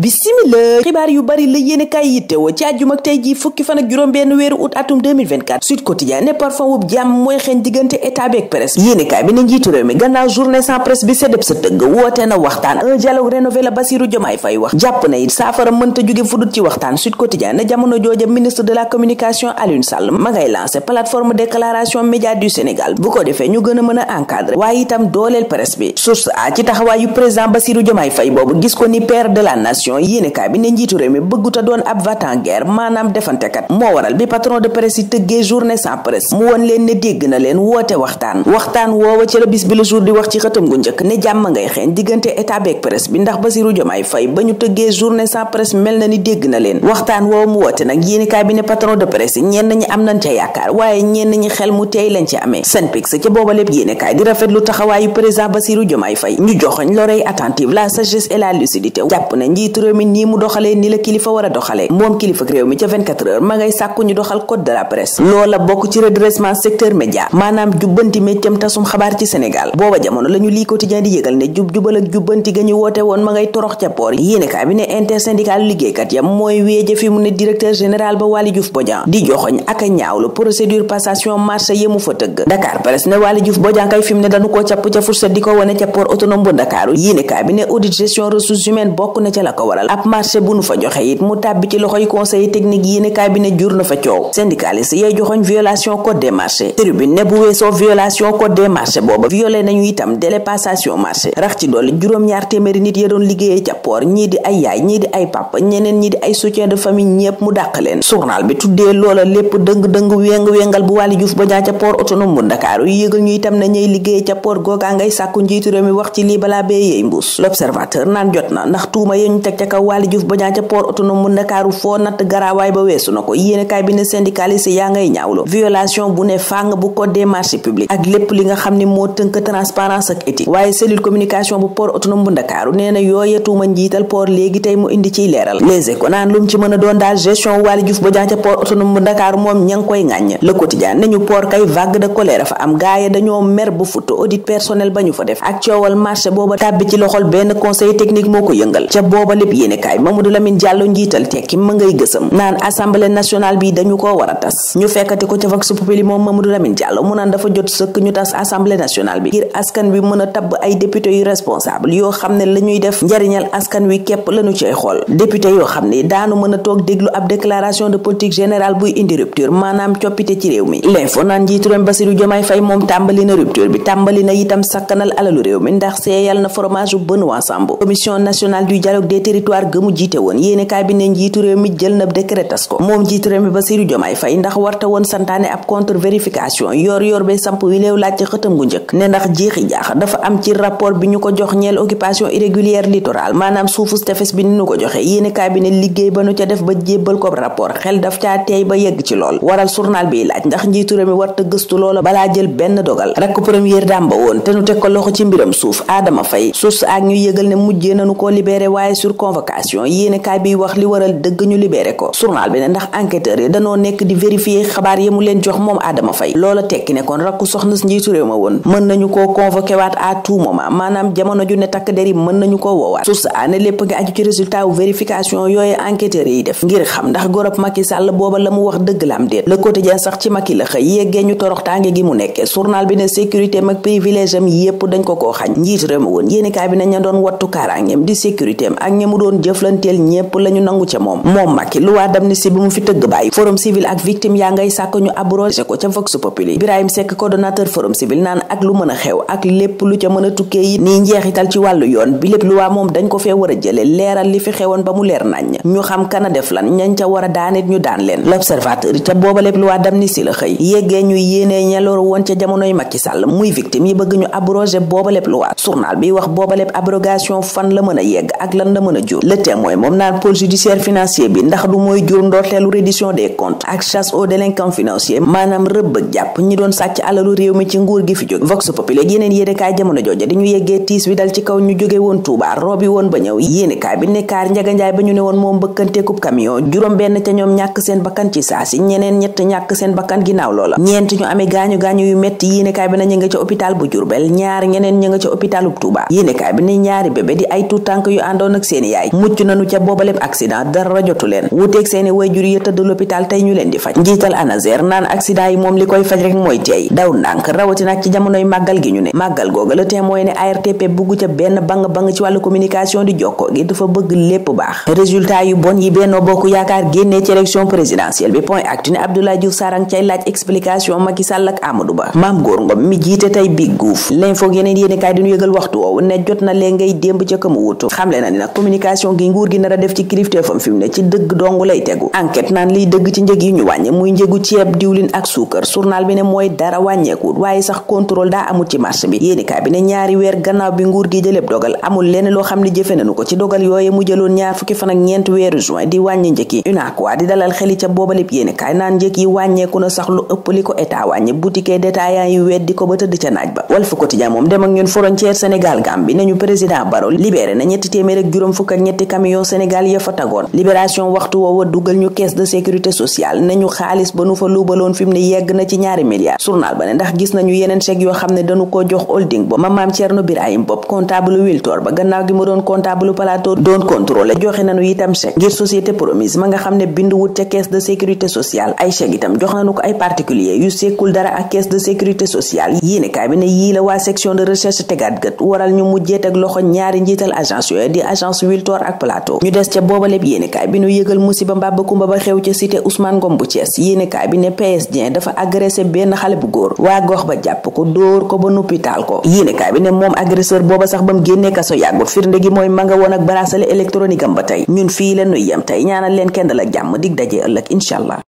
bisimila xibaar yu bari la yéene kaay yittewoo ci àjjuma ak tey jii fukki fan ak juróom benn weeru août atum Sud Quotidien ne parfum wub jàmm mooy xeeñ diggante état bi ak presse yéene bi ne njiitu réew mi gannaaw journée sans presse bi sedeb sa tëgg woote na waxtaan un dialogue rénové la Bassirou Diomaye Faye wax jàpp na it saafara mënta jóge fudut ci waxtaan Sud Quotidien ne jamono jooja ministre de la communication Alioune Sall ma ngay lancé plateforme a opposition yéenekaay bi ne njiitu réew mi bëgguta doon ab va-t-en-guerre maanaam defantekat moo waral bi patron de presse yi tëggee journée sans presse mu woon leen ne dégg na leen woote waxtaan waxtaan woowa ci la bis bi le jour di wax ci xëtam gu njëkk ne jàmm ngay xeeñ diggante état beeg presse bi ndax Bassirou Diomaye Faye ba ñu tëggee journée sans presse mel na ni dégg na leen waxtaan woowa mu woote nag yéenekaay bi ne patron de presse yi ñenn ñi am nañ ca yaakaar waaye ñenn ñi xel mu teey lañ ci amee Senpix ca booba lépp yéenekaay di rafetlu taxawaayu président Bassirou Diomaye Faye ñu joxoñ l'oreille attentive la la njiitu réew mi nii mu doxalee ni la kilifa war a doxalee moom kilifa réew mi ca 24 heures ma ngay sàkku ñu doxal code de la presse loola bokk ci redressement secteur média maanaam jubbanti méccam tasum xabaar ci Sénégal booba jamono la ñu lii quotidien di yëgal ne jub jubal ak jubbanti ga ñu woote woon ma ngay torox ca boor yéenekaay bi ne intersyndical liggéeykat ya mooy weeje fi mu ne directeur général ba Waly Diouf Bodian di joxoñ ak a ñaawlu procédure passation bokk na ca la ko waral ab marché bu nu fa joxe it mu tàbbi ci loxoy conseil technique yéene cabinet jur na fa coow syndicaliste yay joxoñ violation code des marchés tribune ne bu weesoo violation code des marchés booba violé nañu itam délai passation marché rax ci dolli juróom-ñaar téeméeri nit ya doon liggéeyee ca port ñii di ay yaay ñii di ay papa ñeneen ñii di ay soutien de famille ñépp mu dàq leen journal bi tuddee loola lépp dëng-dëng wéng-wéngal bu Waly Diouf Bodian ca port teg ca kaw Waly Diouf Bodian ca port autonome bu Ndakaaru foo natt garaawaay ba weesu na ko yéenekaay bi ne syndicaliste yaa ngay ñaawlu violation bu ne fàng bu code des marchés ak a coowal marché booba tàbbi ci loxol benn conseil technique moo ko yëngal ca booba lépp yéenekaay Mamadou Lamine Diallo njiital tekki ma ngay gësam naan assemblée nationale bi dañu koo war tas ñu fekkati ko ca vox populi moom Mamadou Lamine Diallo mu naan dafa jot sëkk ñu tas assemblée nationale bi ngir askan bi mën a tabb ay député yu responsable yoo xam ne la ñuy def njariñal askan wi képp lañu cay xool député yoo xam ne daanu mën a toog déglu ab déclaration de politique générale buy indi rupture maanaam coppite ci réew mi l'info naan njiitu réew Bassirou Diomaye Faye moom tàmbali na rupture bi tàmbali na itam sakkanal alalu na territoire gëmu jiite woon yéene kaay bi jël na décret ko moom njiitu réew mi Bassirou Diomaye Faye ndax warta woon santaane ab contre vérification yor yor be samp wi léew laaj ci xëtam gu njëkk ne ndax jeexi jaax dafa am ci rapport bi ñu ko jox ñeel occupation irrégulière littoral maanaam suufus tefes bi ni ñu ko joxe yéene kaay liggéey ba nu ca def ba jébbal ko rapport xel daf caa teey ba yegg ci lool waral journal bi laaj ndax njiitu convocation yéenekaay biy wax li waral dëgg ñu libéré ko journal bi ne ndax enquêteurs yi danoo nekk di vérifier xabaar ma woon mën nañu koo convoqué waat à tout moment maanaam jamono ju ne takk der yi mën nañu koo yépp dañ ko koo xañ njiitu ma woon yéenekaay bi ne ña wattu kaaraangeem di sécurité ak ña mu doon jëflanteel ñépp la ñu nangu ca moom moom Macky loi d'amnistie bi mu fi tëgg bàyyi forum civil ak victime yaa ngay sàkk ñu abrogé ko ca vox populi Birahim Seck coordonnateur forum civil naan ak lu mën a xew ak lépp lu ca mën a tukkee yi nii njeexital ci wàllu yoon bi lépp loi moom dañ ko fee war a jële leeral li fi xewoon ba mu leer nañ ñu xam kana def lan ñañ ca war a daanit ñu daan leen l'observateur ca booba lépp loi d'amnistie la xëy yeggee ñu yéenee ñelooru woon ca jamonoy Macky Sall muy victime yi bëgg ñu abrogé booba lépp loi journal bi wax booba lépp abrogation fan la mën a yegg ak lan la mën a Ibrahima Diop le témoin moom naan pôle judiciaire juróom benn ca ñoom ñàkk seen bakkan ci saa si ñeneen ñett ñàkk seen bakkan ginnaaw loola ñeent ñu amee gaañu gaañu yu metti yéenekaay bi na ñu ca hôpital bu Jurbel ñaar ñeneen ñu ca hôpitalub Touba yéenekaay bi ne ñaari bébé di ay tuutànk yu àndoon ak seeni yaay mucc nañu ca boobaleb accident dara jotu leen wuteeg seeni wayjur ya tëdd l'hôpital tey ñu leen di faj njiital anaser naan accident yi moom li koy faj rek mooy teey daw ndànk rawati nag ci jamonoy màggal gi ñu ne màggal googa le témoin ne ARTP bugg ca benn bang bang ci wàllu communication di jokkoo gi dafa bëgg lépp baax résultat yu bon yi Benno Bokk Yaakaar génnee ci élection présidentielle bi point actu ne Abdoulaye Diouf Sarr a cay laaj communication gi nguur gi nar a def ci kilifteefam fi mu ne ci dëgg dong lay tegu enquête naan liy dëgg ci njëg yi ñu wàññi ceeb diwlin ak suukar journal bi ne mooy dara wàññeekuwut waaye sax contrôle daa amul ci marché bi yéenikaay bi ne ñaari weer gannaaw bi nguur gi jëleb dogal amul lenn loo xam ne jëfe nañu ko ci dogal yooye mu ñaar fukki fan ñeent weeru juin di wàññi njëg di dalal xeli ca boobalib yéenikaay naan njëg yi wàññeeku na sax lu fukk ak ñetti camion Sénégal ya fa tagoon libération waxtu woowa dugal ñu caisse de sécurité sociale nañu xaalis ba nu fa luubaloon fi ne yegg na ci ñaari milliards journal ba ne ndax gis nañu yeneen chèque yoo xam ne dañu ko jox holding ba mamaam Thierno Birahim Bob comptable Wiltor ba gannaaw gi mu doon comptable plateau doon contrôlé joxe nañu itam chèque ngir société promise ma nga xam ne bind ca caisse de sécurité sociale ay chèque Wiltor ak Plateau ñu des ca boobaleb yéenekaay bi ñu yëgal musiba mbàbb kumba ba xew ca cité Ousmane Ngom bu Thiès yéenekaay bi ne PS dafa agressé benn xale bu góor waa gox ba jàpp ko dóor ko ba noppi taal ko yéenekaay bi ne moom agresseur booba sax ba mu génnee kaso yàggut firnde gi mooy ma nga woon ak bracelet électronique am ba tey ñun fii la nuy yem tey ñaanal leen kenn la jàmm dig daje ëllëg incha allah